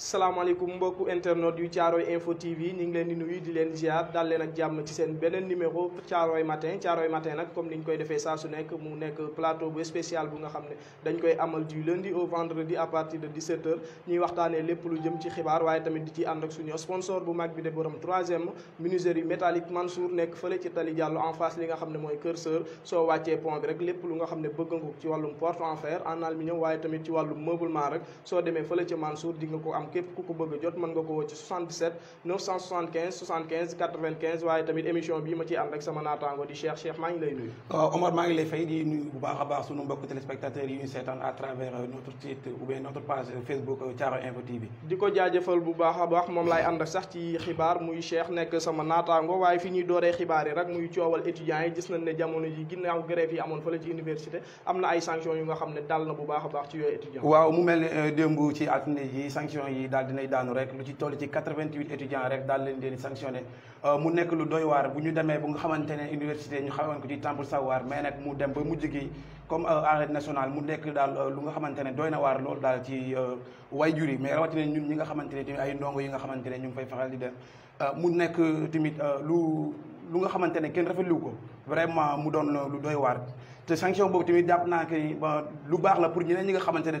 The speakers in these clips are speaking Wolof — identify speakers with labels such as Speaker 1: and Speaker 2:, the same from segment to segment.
Speaker 1: Salam alaikum beaucoup internautes du Tiaroy Info TV ñu ngi leen di nuyu di leen ziar dal leen ak jamm ci seen benen numéro Tiaroy matin Tiaroy matin nak comme ni ñu koy défé sa su nek mu nek plateau bu spécial bu nga xamné dañ koy amal du lundi au vendredi à partir de 17h ñi waxtané lépp lu jëm ci xibaar waye tamit di ci suñu sponsor bu mag bi de borom troisième menuiserie métallique Mansour nek feulé ci Tali Diallo en face li nga xamné moy curseur. Kër Sër soo pont bi rek lépp lu nga xamné ci walum porte en fer en aluminium waye tamit ci wàllum meublement rek so démé feulé ci Mansour di nga ko am képp ku ko bëgg jot mën nga ko woo ci 77 975 75 95 waaye tamit émission bi ma ciy ànd ak sama naataango di Cheikh Cheikh maa ngi lay nuyu.
Speaker 2: waaw euh, Omar maa ngi lay fay di nuyu bu baax a baax
Speaker 1: sunu mbokk téléspectateurs yi ñu seetaan à travers euh, notre site ou bien notre page euh, Facebook Thiaroye Info TV. di ko jaajëfal bu baax a baax moom laay ànd sax ci xibaar muy Cheikh nekk sama naataango waaye fi ñuy dooree xibaar yi rek muy coowal étudiants yi gis nañ ne jamono ji ginnaaw grève yi amoon fële ci université am na ay sanctions yu nga xam ne dal na bu baax a baax ci yooyu étudiants. waaw mu
Speaker 2: mel ne démb ci altine ji sanctions yi yi daal dinay daanu rek lu ci toll ci 88 étudiants rek daal leen leen sanctionné euh, mu nekk lu doy waar bu ñu demee bu nga xamante université ñu xamoon euh, mu nekk daal euh, lu nga xamante ne doy lu ko vraiment mu doon lu doy waar te sanction boobu tamit jàpp naa que lu baax la pour ñeneen ñi nga xamante ne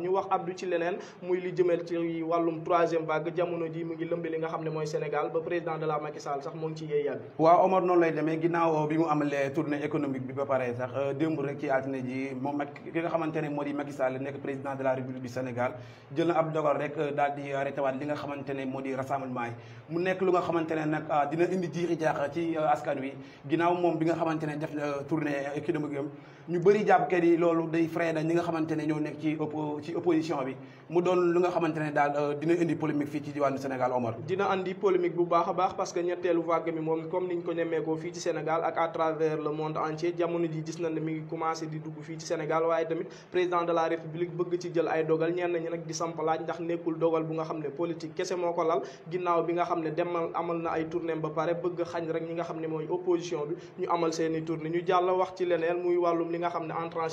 Speaker 1: ñu wax Abdou ci leneen muy li jëmel ci wàllum troisième vague jamono ji mu ngi lëmbe li nga xam ne mooy Sénégal ba président de la Macky Sall sax moo ngi ci yee yàgg
Speaker 2: waaw Omar noonu lay demee ginnaaw bi mu amalee tournée économique bi ba pare sax euh, démb rek ci altine ji moom ak ki nga xamante ne moo di Macky Sall nekk président de la République du Sénégal jël na ab rek euh, daal di arrêté waat li nga xamante ne moo di rassemblement yi mu nekk lu nga xamante ne nag euh, dina indi jiixi jaax ci wi ginnaaw moom bi nga xamante ne def tournée économique am ñu bëri jàpp kat yi loolu day frais na ñi nga xamante ñoo nekk ci ëpp opposition opposition bi mu doon lu nga
Speaker 1: daal euh, dina andi polémique fii ci diwaanu Sénégal Omar dina andi polémique bu baax a baax parce que ñetteelu vague bi moom comme niñ ko ci Sénégal ak à travers le monde entier jamono di gis nañ ne mi ngi commencé di dugg fii ci Sénégal waaye tamit président de la République bëgg ci jël ay dogal ñenn ñi nag di samp laaj ndax nekkul dogal bu nga xam politique kese moo ko lal ginnaaw bi nga xam demal amal na ay tournée ba pare bëgg xañ rek ñi nga opposition bi ñu amal seen i tournée ñu jàll wax ci leneen muy wàllum li nga xam ne entrant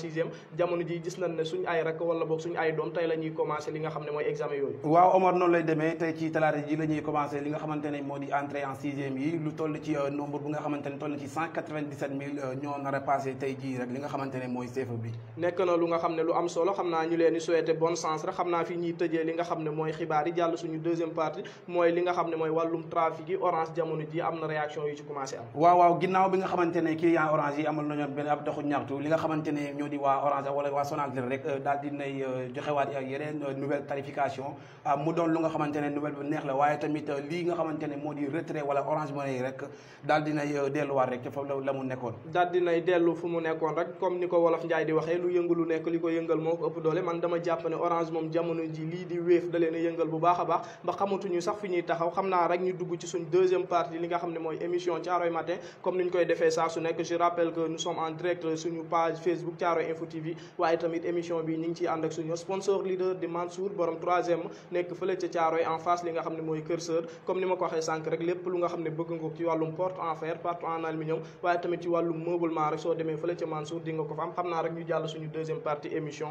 Speaker 1: jamono ji gis nañ ne suñ ay rek wala boog suñ ay doom tey la ñuy li nga xam ne mooy examen yooyu
Speaker 2: waaw Omar noonu lay demee tey ci talaata ji la ñuy li nga xamante euh, euh, a mooy CFEE bi
Speaker 1: am solo xam naa ñu leen di souhaité bonne chance rek xam naa fi li nga xam mooy xibaar yi jàll suñu deuxième partie mooy li nga xam ne mooy wàllum trafic yi orange jamono ji am na réaction yu ci commencé am
Speaker 2: waaw waaw ginnaaw bi nga xamante ne client orange yi amal nañu benn ab doxu ñaxtu li nga xamante ñoo di waa orange wala waa Sonatel rek euh, daal nay joxewaat ak yeneen nouvelle tarification ah, mu doon lu nga xamante nouvelle bu neex la waaye tamit ah, lii nga xamante ne moo di retrait wala Orange Money yi rek daal dinay ah, delluwaat rek ci fa la mu nekkoon
Speaker 1: daal dinay dellu fu mu rek comme ni ko wolof Njaay di waxee lu yëngu lu nekk li ko yëngal moo ko ëpp doole man dama jàpp ne Orange moom jamono ji lii di wéef da leen a yëngal bu baax a baax ba xamatuñu sax fi ñuy taxaw xam rek ñu dugg ci suñ deuxième partie li nga xam ne mooy émission Thiaroye matin comme niñ de koy defee saa su nekk je rappelle que nous sommes en direct suñu page Facebook Thiaroye Info TV waaye tamit émission bi ñu ngi ciy ànd ak suñu sponsor leader di Mansour borom troisième nek fële ci tiaroy en face li nga xamné moy mooy comme nima ko waxé sank rek lepp lu nga xamné bëgg nga ko ci walum porte en fer porte en aluminium waye tamit ci walum meublement rek soo démé fële ci Mansour di nga ko fa am xam rek ñu jàll suñu deuxième partie émission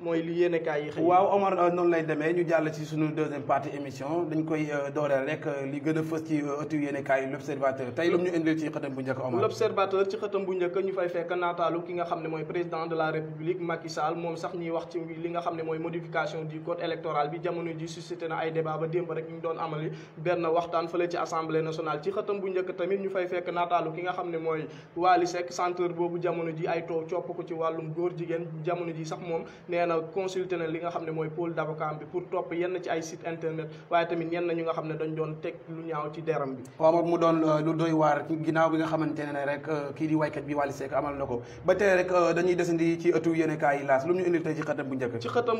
Speaker 1: moy li yéenekaay yi xëy waaw
Speaker 2: Omar euh, non lay démé ñu jall ci suñu deuxième partie émission dañ koy euh, dooreel rek euh, li gën a ci ëttu yéenekaay yi l'observateur tay lu ñu indil ci xëtam bu njëkk Omar
Speaker 1: l'observateur ci xëtam bu njëkk ñu fay fekk natalu ki nga xamné moy président de la république Macky Sall mom sax ñi wax ci li nga xamné moy modification di code électoral bi jamono ji suscité na ay débat ba démb rek ñu ngi doon amali benn waxtaan fële ci assemblée nationale ci xëtam bu njëkk tamit ñu ci wàllum sax moom nee na consulté na li nga xam ne mooy pôle d'avocat bi pour topp yenn ci ay site internet waaye tamit nga xam ne dañ doon lu ñaaw ci deram bi
Speaker 2: waaw moom mu doon euh, lu doy ginnaaw bi nga xamante ne rek euh, kii di waykat bi Waly Seck amal na ko ba tey rek euh, dañuy
Speaker 1: desandi ci ëttu yéenekaay yi laas lu ñu indil tey ci xëtam bu njëkk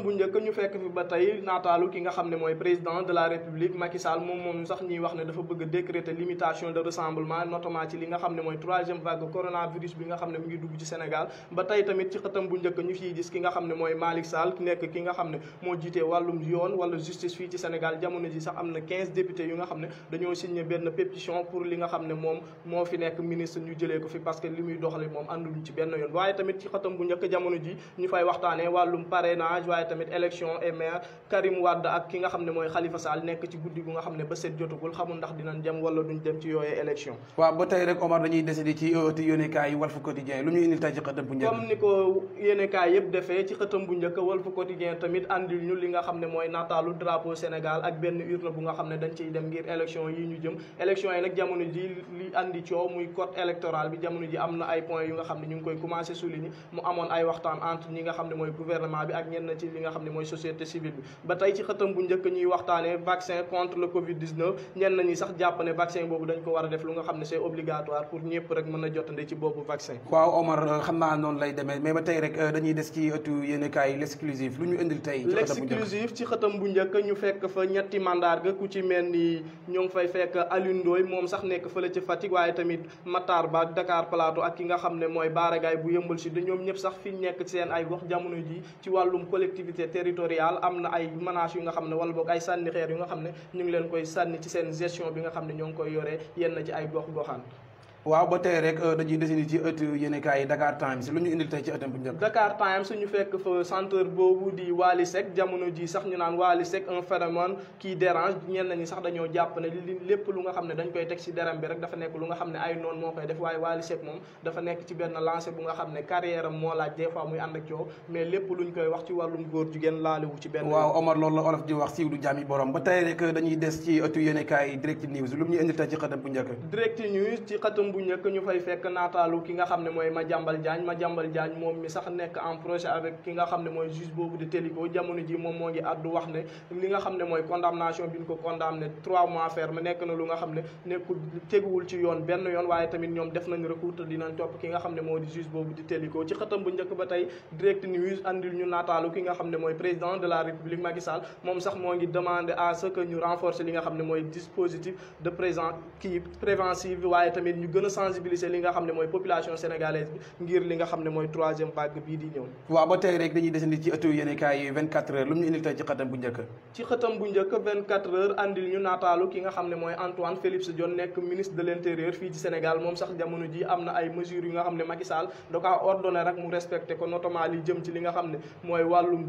Speaker 1: bu njëkk ñu fekk nekk fi ba na naataalu ki nga xam moy président de la république Macky Sall mom moom sax ñi wax ne dafa bëgg décréter limitation de rassemblement notamment ci li nga xam moy 3 troisième vague coronavirus bi nga xam mi ngi dugg ci Sénégal ba tey tamit ci xëtam bu ñëk ñu fi gis ki nga xam moy Malik Sall nekk ki nga xam mo jité walum yoon wala justice fi ci Sénégal jamono ji sax amna 15 quinze députés yu nga xam dañoo signé benn pétition pour li nga xam mon mo fi nekk ministre ñu jëlé ko fi parce que limuy muy doxale moom ànduluñ ci benn yoon waye tamit ci xëtam bu ñëk jamono ji ñu fay waxtané walum parrainage waye tamit élection adjoint et maire Karim Wade ak ki nga xam ne mooy Khalifa Sall nekk ci guddi gu nga xam ne ba set jotagul xamul ndax dinañ dem wala duñ dem ci yooyee élection
Speaker 2: waaw ba tey rek Omar dañuy décidé ci ci ci xëtam bu njëkk comme ni
Speaker 1: ko yónnekaay yëpp defee ne mooy nataalu drapeau Sénégal ak benn urne bu nga ne dañ ciy dem yi ñu jëm élection yi nag jamono ji li andi coow muy code électoral bi jamono ji am na ay points yu nga xam ne ñu ngi koy commencé souligner mu amoon ay waxtaan entre ñi nga xam ne mooy gouvernement bi ak ñenn ci li nga xam ne mooy société société civile bi ba tey ci xëtam bu njëkk ñuy waxtaanee vaccin contre le covid 19 ñenn ñi sax jàpp ne vaccin boobu dañ ko war a def lu nga xam ne c'est obligatoire pour ñëpp rek mën a jotande ci boobu vaccin waaw Omar xam
Speaker 2: naa noonu lay demee mais ba tey rek euh, dañuy des ci ëttu yéenekaay l'exclusif lu ñu indil tey l'exclusif
Speaker 1: ci xëtam bu njëkk ñu fekk fa ñetti mandarga ku ci mel ni ñoo ngi fay fekk Alioune Ndoye moom sax nekk fële ci Fatick waaye tamit Matar Ba Dakar Plateau ak ki nga xam ne mooy baaragaay bu yëmbal si da ñoom ñëpp sax fi nekk seen ay gox jamono ji ci wàllum collectivité territoriale Sénégal am na ay menaces yu nga xam ne wala boog ay sànni xeer yu nga xam ne ñu ngi leen koy sànni ci seen gestion bi nga xam ne ñoo ngi koy yoree yenn ci ay gox goxaan
Speaker 2: waaw ba tey rek euh, dañuy desini ci ëtt yéenekaay yi Dakar Times lu ñu indil tey ci ëttam bu njëkk
Speaker 1: Dakar Times suñu fekk fa chanteur boobu di Wally Seck jamono ji sax ñu naan Wally Seck un phénomène qui dérange ñenn ñi sax dañoo jàpp ne li lépp lu nga xam ne dañ koy teg ci deram bi rek dafa nekk lu nga xam ne ay noon moo koy def waaye Wally Seck moom dafa nekk ci benn lancé bu nga xam ne carrière am moo laaj des fois muy ànd ak coow mais lépp luñ koy wax ci wàllum góor jigéen laalewu ci benn waaw Omar loolu
Speaker 2: la olof di wax siiw du jaami borom ba tey rek dañuy des ci ëttu yéenekaay yi Direct News lu ñu indil tey ci xëtam bu
Speaker 1: njëkk këram bu ñëk ñu fay fekk natalu ki nga moy ma jambal Madiambal ma jambal mom mi sax nekk en procès avec ki nga xam moy juge bobu de Téliko jamono ji mom mo ngi addu wax ne li nga xam moy condamnation bi ko condamné trois mois ferme nekk na lu nga xam ne teggul ci yoon benn yoon waye tamit ñom def nañ recours dinañ top ki nga xam moy di juge bobu di Téliko ci xatam bu ñëk ba tay direct news andil ñu natalu ki nga xam moy président de la république Macky Sall moom sax mo ngi demander à ce que ñu renforcer li nga xam moy dispositif de présent qui préventive tamit ñu gën a sensibiliser li nga xam ne mooy population sénégalaise bi ngir li nga xam ne mooy troisième vague bii di ñëw.
Speaker 2: waaw ba tey rek dañuy desandi ci ëttu yéenekaay yi 24 heures lu mu ñu indil tey ci xëtam bu njëkk.
Speaker 1: ci xëtam heures andil ñu nataalu ki nga xam ne mooy Antoine Félix Diome nekk ministre de l'intérieur fii ci Sénégal moom sax jamono ji am na ay mesures yu nga xam ne Macky Sall da kaa ordonné rek mu respecté ko notamment li li nga xam ne mooy wàllum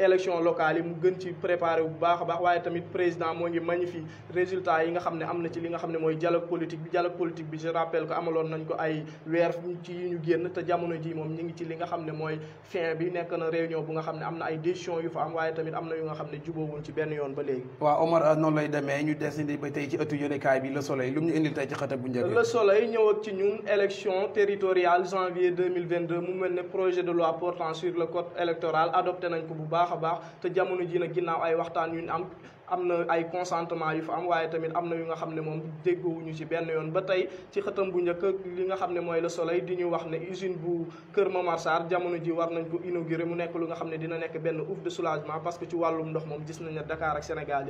Speaker 1: élection locale yi mu gën ci préparer bu baax baax waye tamit président mo ngi magnifié résultat yi nga xamné amna na ci li nga xamné moy dialogue politique bi dialogue politique bi je rappelle ko amalon nañ ko ay weer ci ñu génn te jamono ji mom ñi ngi ci li nga xamné moy fin bi nek na réunion bu nga xamné amna ay décision yu fa am waye tamit amna yu nga xamné ne jubóowuñ ci ben yoon ba léegi
Speaker 2: wa Omar non lay démé ñu desandi ba tay ci ëttu yéenekaay bi Le Soleil lu mu ñu indil tey ci xata bu njëkk Le
Speaker 1: Soleil ñëw ak ci ñun élection territoriale janvier 2022 mu mel projet de loi portant sur le code électoral adopté nañ ko bu baax baax a baax te jamono ji nag ginnaaw ay waxtaan yu ñu am am na ay consentement yu fa am waaye tamit am na yu nga xam ne moom déggoowuñu ci benn yoon ba tey ci xëtam bu njëkk li nga xam ne mooy le soleil di ñu wax ne usine bu Kër Momar Sarr jamono ji war nañ ko inauguré mu nekk lu nga xam ne dina nekk benn ouf de que ci wàllum ndox moom gis nañ ne Dakar ak Sénégal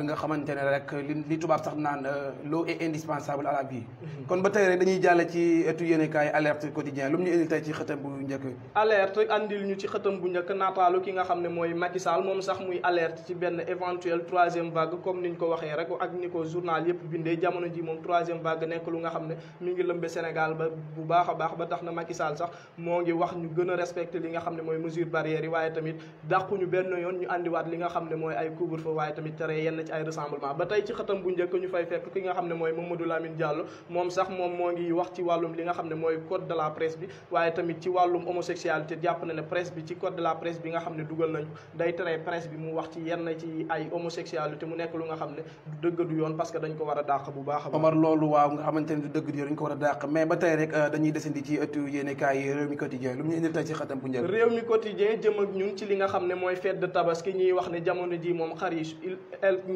Speaker 2: nga xamante ne rek li li tubaab sax naan euh, l'eau est mhm. ba tey rek dañuy jàll ci etu yéenekaay alerte quotidien lu mu ñu indil tey ci xëtam bu njëkk
Speaker 1: ñu ci xëtam bu njëkk nataalu ki nga xam ne mooy Macky Sall moom sax muy alerte ci benn éventuelle troisième vague comme niñ ko waxee rek ak ni ko journal yëpp bindee jamono ji moom troisième vague nekk lu nga xam ne mi ngi lëmbe Sénégal ba bu baax a baax ba tax na Macky sax moo ngi wax ñu gën a respecté li nga xam ne mooy mesure barrière yi waaye tamit dàquñu benn yoon ñu àndiwaat li nga xam ne mooy ay couvre-feu waaye tamit tere yenn ci ay rassemblement ba tey ci xatam bu njëkk ñu fay fekk ki nga xam ne mooy moo ngi wax ci li nga xam ne mooy code de la presse bi waaye tamit ci wàllum homosexualité jàpp na ne presse bi ci code la presse bi nga xam ne dugal nañu wax ci yenn ci ay homosexualité mu nekk lu nga xam ne du dëgg du yoon parce que dañ ko war a dàq bu baax Omar
Speaker 2: loolu waaw nga xamante ne du dëgg du yoon ko war a dàq mais ba tey rek euh, dañuy desandi ci ëttu yéene kaay réew mi quotidien lu mu ñu indil tey ci xatam bu njëkk réew
Speaker 1: mi quotidien jëm ak ñun ci li nga xam ne mooy fête de tabaski ñuy wax ne jamono ji moom xar yi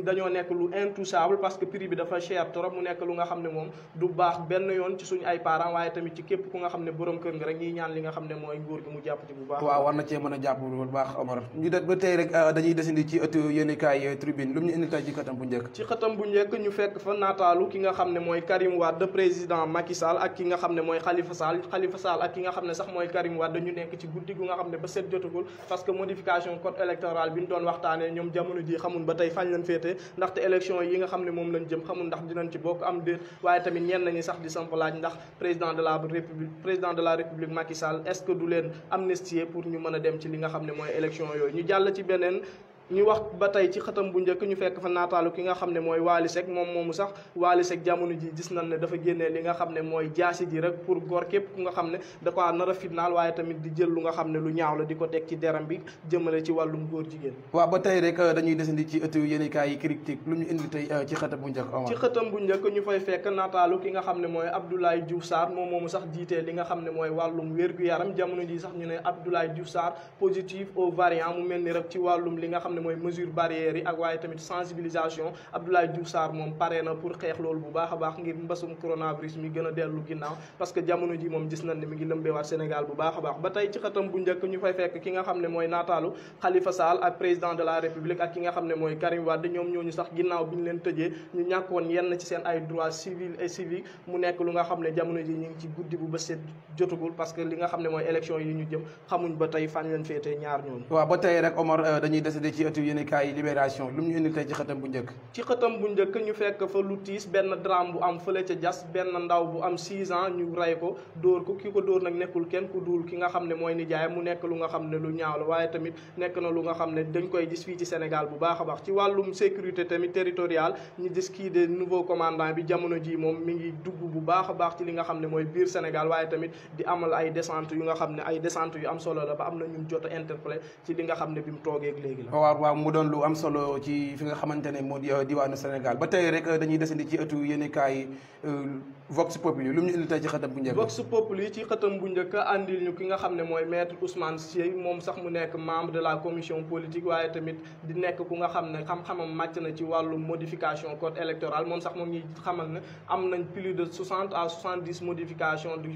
Speaker 1: dañoo nekk lu intouchable parce que prix bi dafa cher trop mu nekk lu nga xam ne du baax benn yoon ci suñu ay parents waaye tamit ci képp ku nga xam borom kër nga rek ñuy ñaan li nga xam ne mooy gi mu jàpp ci bu baax waaw
Speaker 2: war na cee mën a bu baax Omar ñu ba tey rek euh, dañuy desandi indi ci ëttu yéenekaay tribune lu mu ñu indi tey ci xatam bu njëkk
Speaker 1: ci xatam bu njëkk ñu fekk fa nataalu ki nga xam ne mooy Karim Wade président Macky ak ki nga xam ne mooy Karim Wade ñu nekk ci guddi gu nga xam ne ba set jotagul parce que modification code électoral bi ñu doon waxtaanee ñoom jamono ji xamul ba tey fañ lañ féete ndaxte élection yi nga xam ne moom lañ jëm xamul ndax dinañ ci bokk am déet waaye tamit ñenn ñi sax di samp laaj a dem ci li nga xam ne mooy ñu wax ba tey ci xëtam bu njëkk ñu fekk fa nataalu ki nga xam ne mooy Waly Seck moom moomu sax Waly Seck jamono ji gis nañ ne dafa génnee li nga xam ne mooy jaasi ji rek pour gor képp ku nga xam ne da ko nar a fitnaal waaye tamit di jël lu nga xam ne lu ñaaw la di ko teg ci deram bi jëmale ci wàllum góor jigéen waaw ba
Speaker 2: tey rek euh, dañuy desandi ci ëttu yéenekaay yi critique lu ñu indi tey euh, ci xëtam bu njëkk
Speaker 1: ci bu njëkk ñu fay fekk nataalu ki nga xam ne mooy Abdoulaye Diouf Sarr moom moomu sax jiitee li nga xam ne mooy wàllum wér-gu-yaram jamono ji sax ñu ne Abdoulaye Diouf Sarr positif au variant mu mel ni rek ci wàllum li nga xam xam ne mesure barrière ak waaye tamit sensibilisation Abdoulaye Diouf Sarr moom pare na pour xeex loolu bu baax bax ngir mbassum coronavirus mi gëna a ginnaw parce que jamono ji mom gis nañ ni mi ngi lëmbeewaat Sénégal bu baax bax baax ba tey ci xatam bu njëkk ñu fay fekk ki nga xamné moy mooy Khalifa Sall ak président de la République ak ki nga xamné moy Karim Wade ñom ñooñu sax ginnaw biñu leen tëjee ñu ñàkkoon yenn ci seen ay droits civils et civiques mu nekk lu nga xamné jamono ji ñi ngi ci guddi bu ba seet jotagul parce que li nga xamné moy élection yi ñu jëm xamuñ ba tey fan leen fété ñaar ñoon
Speaker 2: wa ba tey rek Omar euh, dañuy décider ci ci ëttu yéenekaay yi libération lu mu ñu indi tey ci
Speaker 1: xëtam bu njëkk ci xëtam bu njëkk ñu fekk fa lu tiis benn drame bu am fële ca jas benn ndaw bu am 6 ans ñu rey ko dóor ko ki ko dóor nag nekkul kenn ku duul ki nga xam ne mooy nijaay mu nekk lu nga xam ne lu ñaaw la waaye tamit nekk na lu nga xam ne dañ koy gis fii ci Sénégal bu baax a baax ci wàllum sécurité tamit territoriale ñi gis kii de nouveau commandant bi jamono ji moom mi ngi dugg bu baax a baax ci li nga xam ne mooy biir Sénégal waaye tamit di amal ay descente yu nga xam ne ay descente yu am solo la ba am na ñun jot a ci li nga xam ne bi mu toogee léegi
Speaker 2: waaw mu doon lu am solo ci fi nga xamante ne moo di euh, diwaanu Sénégal ba tey rek euh, dañuy desandi ci ëttu yéenekaay
Speaker 1: yi euh,
Speaker 2: Vox Populi lu mu ñu indi tey ci xëtam bu
Speaker 1: njëkk. andil ñu ki nga xam ne mooy maître Ousmane Seye moom sax mu nekk membre de la commission politique waaye tamit di nekk ku nga xam ne màcc na ci wàllu modification code électoral moom sax moom ñuy xamal ne am nañ plus de soixante à soixante dix modification du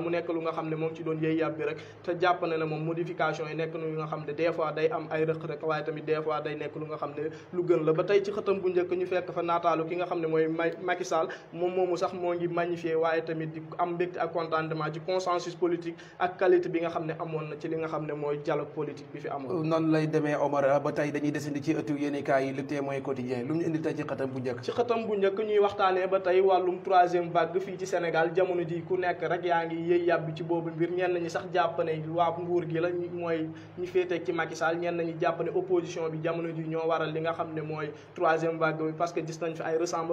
Speaker 1: mu nekk lu nga xam ne moom ci doon yëy yàb bi rek te jàpp na moom modification yi nekk na yu nga xam ne des fois day am ay rëq-rëq waaye tamit des day nekk lu nga xam ne lu gën la ba tey ci xëtam bu njëkk ñu fekk fa nataalu ki nga xam ne mooy Macky Sall moom moomu sax moo ngi magnifié waaye tamit di am mbégte ak contentement ci consensus politique ak qualité bi nga xam ne amoon na ci li nga xam ne mooy dialogue politique bi fi amoon. Euh,
Speaker 2: noonu lay demee Omar ba tey
Speaker 1: dañuy desandi ci ëttu yéenekaay yi Le Témoin Quotidien lu ñu indi tey ci xatam bu njëkk. ci xatam bu njëkk ñuy waxtaanee ba tey wàllum troisième vague fii ci Sénégal jamono ji ku nekk rek yaa ngi yëy yàbbi ci boobu mbir ñenn ñi sax jàpp ne waa nguur gi la mooy ñu féetee ci Macky Sall ñenn ñi jàpp ne opposition bi jamono ji ñoo waral li nga xam ne mooy troisième vague bi que gis nañ fi ay nga xam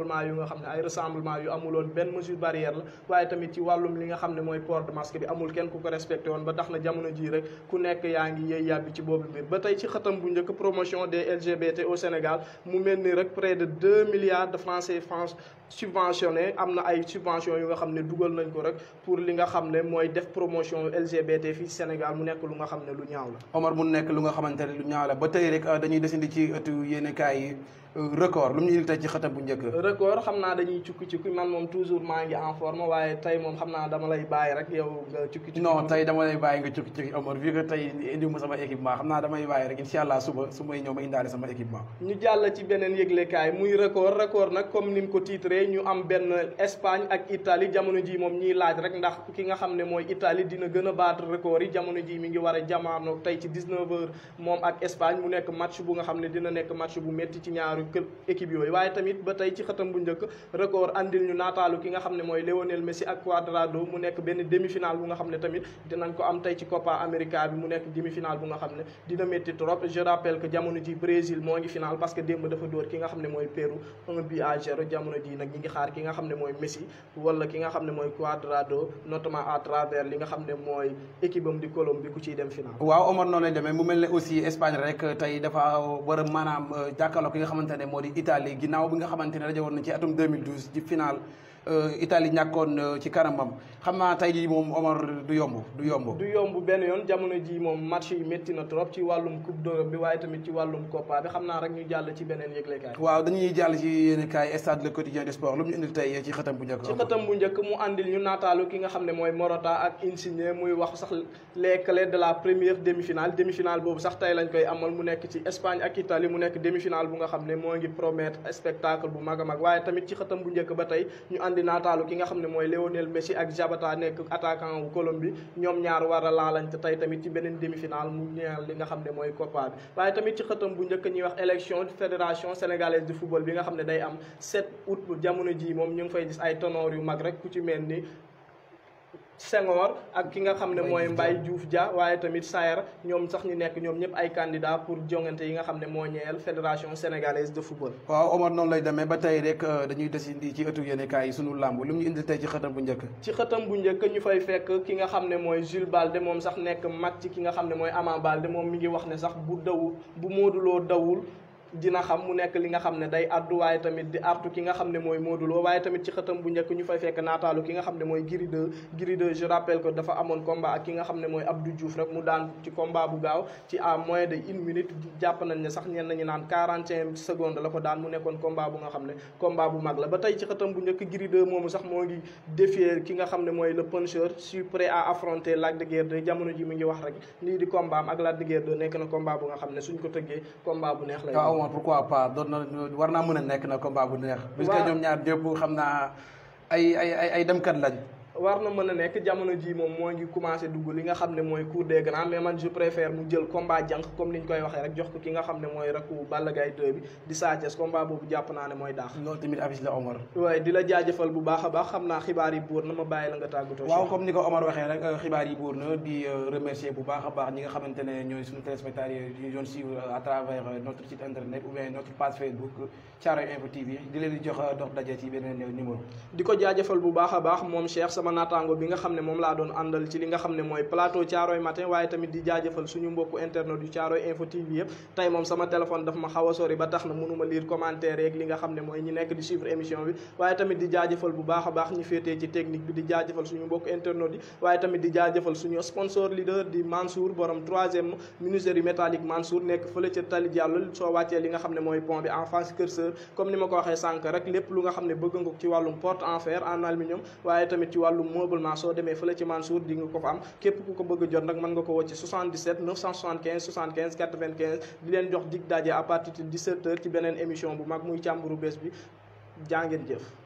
Speaker 1: ne ay rassemblement yu Ben mesure barrière la waye tamit ci walum li nga port masque bi amul kenn kuko respecté ba taxna jamono ji rek ku promotion des LGBT au Sénégal mu près de 2 milliards de francs CFA subventionné amna ay subvention yu nga xamné duggal nañ ko rek pour li nga xamné moy def promotion LGBT fi Sénégal mu nek lu nga xamné lu ñaaw la.
Speaker 2: Omar mu nek lu nga xamante lu ñaaw la ba tay rek dañuy desandi ci atu yene kay yi record lu mu ñu tey ci xata bu ñëk
Speaker 1: record xamna dañuy ciuk ciuk man mom toujours ma ngi en forme waye tay mom xamna dama lay bàyyi rek yow nga ciuk cukki. non
Speaker 2: tay dama lay bàyyi nga ciuk ciuk Omar vu que tay indi mu sama équipement xamna dama lay bàyyi rek inshallah suba su may ñëw ma indaale sama équipement.
Speaker 1: ñu jàll ci benen yeglé kay muy record record nak comme nim ko titré boole ñu am benn Espagne ak Italie jamono ji moom ñiy laaj rek ndax ki nga xam ne mooy itali dina gën a battre record yi jamono ji mi ngi war a jamaano tey ci 19h moom ak Espagne mu nekk match bu nga xam ne dina nekk match bu métti ci ñaaru kër équipe yooyu tamit ba tey ci xatam bu njëkk record andil ñu naataalu ki nga xam ne mooy Lionel Messi ak Cuadrado mu nekk benn demi-finale bu xam ne tamit dinañ ko am tey ci Copa América bi mu nekk demi xam ne dina métti trop je rappelle que jamono moo ngi finale parce que démb dafa dóor ki nga xam ne mooy Pérou un but à zéro jamono ji nag ñi ngi xaar ki nga xam ne mooy Messi wala ki nga xam ne mooy Cuadrado notamment à travers li nga xam ne mooy équipe am di Colombie ku ciy dem final.
Speaker 2: waaw Omar noonu lay demee mu mel ne aussi Espagne rek tey dafa euh, war a maanaam euh, jàkkaarloo ki nga xamante ne moo di Italie ginnaaw bi nga xamante ne daje woon na ci atum 2012 ci final. Euh, Italie ñàkkoon euh, ci kanamam xam naa tey jii moom Omar du yomb du
Speaker 1: yomb. du yomb benn yoon jamono ji moom match yi métti na trop ci wàllum coupe d'Europe bi waaye tamit ci wàllum Copa bi xam naa rek ñu jàll ci beneen yëglekaay.
Speaker 2: waaw dañuy jàll ci yéenekaay stade le quotidien du sport lu mu indil tey ci xëtam bu njëkk. ci
Speaker 1: xëtam bu njëkk mu andil ñu nataalu ki nga xam ne mooy Morata ak Insigne muy wax sax les clés de la première demi-finale demi-finale boobu sax tey lañ koy amal mu nekk ci Espagne ak Italie mu nekk demi bu nga xam ne moo ngi promettre bu mag mag waaye tamit ci xëtam bu njëkk ba tey di nataalu ki nga xam ne mooy Lionel Messi ak Jabata nekk attaquant bu Colombie ñoom ñaar war a laalante tey tamit ci beneen demi-finale mu ñeel li nga xam ne mooy Copa bi waaye tamit ci xëtam bu njëkk ñuy wax élection fédération sénégalaise de football bi nga xam ne day am 7 août jamono ji moom ñu ngi fay gis ay ténor yu mag rek ku ci mel ni Senghor ak ki nga xam ne mooy Mbaye Diouf jaa waaye tamit Saer ñoom sax ñu nekk ñoom ñëpp ay candidat pour jongante yi nga xam ne moo ñeel fédération sénégalaise de football.
Speaker 2: waaw Omar noonu lay demee ba tey rek euh, dañuy des desindi ci ëttu yéenekaay yi sunu làmb lu mu ñu indi tey ci xëtam bu njëkk
Speaker 1: ci xëtam bu njëkk ñu fay fekk ki nga xam ne mooy Jules Balde moom sax nekk mag ci ki nga xam ne mooy Ama Balde moom mi ngi wax ne sax bu daw bu Modou Lo dawul dina xam mu nekk li nga xam ne day addu waaye tamit di artu ki nga xam ne mooy Modou waaye tamit ci xëtam bu njëkk ñu fay fekk naataalu ki nga xam ne mooy Gris 2 Gris 2 je amoon combat ki nga xam ne mooy Abdou Diouf rek mu daan ci combat bu gaaw ci à moins de une jàpp nañ ne sax ñenn nañu naan 45 secondes la ko daan mu nekkoon combat bu nga xam ne combat bu mag la ba tey ci xëtam bu njëkk Gris 2 moomu sax moo ngi défier ki nga xam ne mooy le puncheur suis prêt à affronter Lac de Guiers 2 jamono ji mu ngi wax rek lii di combat am ak Lac de Guiers 2 nekk na combat bu nga xam ne suñ ko tëggee combat bu neex la xawma pourquoi pas doon na war naa mën a nekk na ba bu neex. bis puisque ñoom ñaar ñëpp xam
Speaker 2: naa ay ay ay ay demkat lañ.
Speaker 1: war na mën a nekk jamono ji moom moo ngi commencé dugg li nga xam ne mooy cours des grands mais man préfère mu jël combat jànq comme ni koy waxee rek jox ko ki nga xam ne mooy naa ne mooy daax loolu tamit avis la Omar waaye di la jaajëfal bu baax a baax xam naa xibaar yi buur na ma bàyyi la nga tàggatoo waaw comme ni ko Omar waxee rek euh, xibaar yi buur na
Speaker 2: di euh, remercier bu baax a baax ñi nga xamante ne suñu téléspectateurs yi ñu doon suivre euh, à travers
Speaker 1: a sama naataango bi nga xam ne mooy plateau Thiaroye matin waaye tamit di jaajëfal suñu mbokku internet yu Thiaroye info TV yëpp tey moom sama téléphone daf ma xaw sori ba tax na mënuma lire commentaire yi Mansour borom troisième menuiserie métallique Mansour nekk fële ca Tali Diallo soo wàccee li nga xam ne mooy pont en face Kër comme ni ma ko waxee sànq rek lépp lu nga xam ne bëgg nga ci wàllum porte en fer en aluminium waaye tamit ci wàllu wàllu meublement soo demee fële ci Mansour di nga ko fa am képp ku ko bëgg a jot nag mën nga ko woo ci 77 975 75 95 di leen jox dig daje à partir de 17 heures ci beneen émission bu mag muy càmburu bés bi jaa ngeen jëf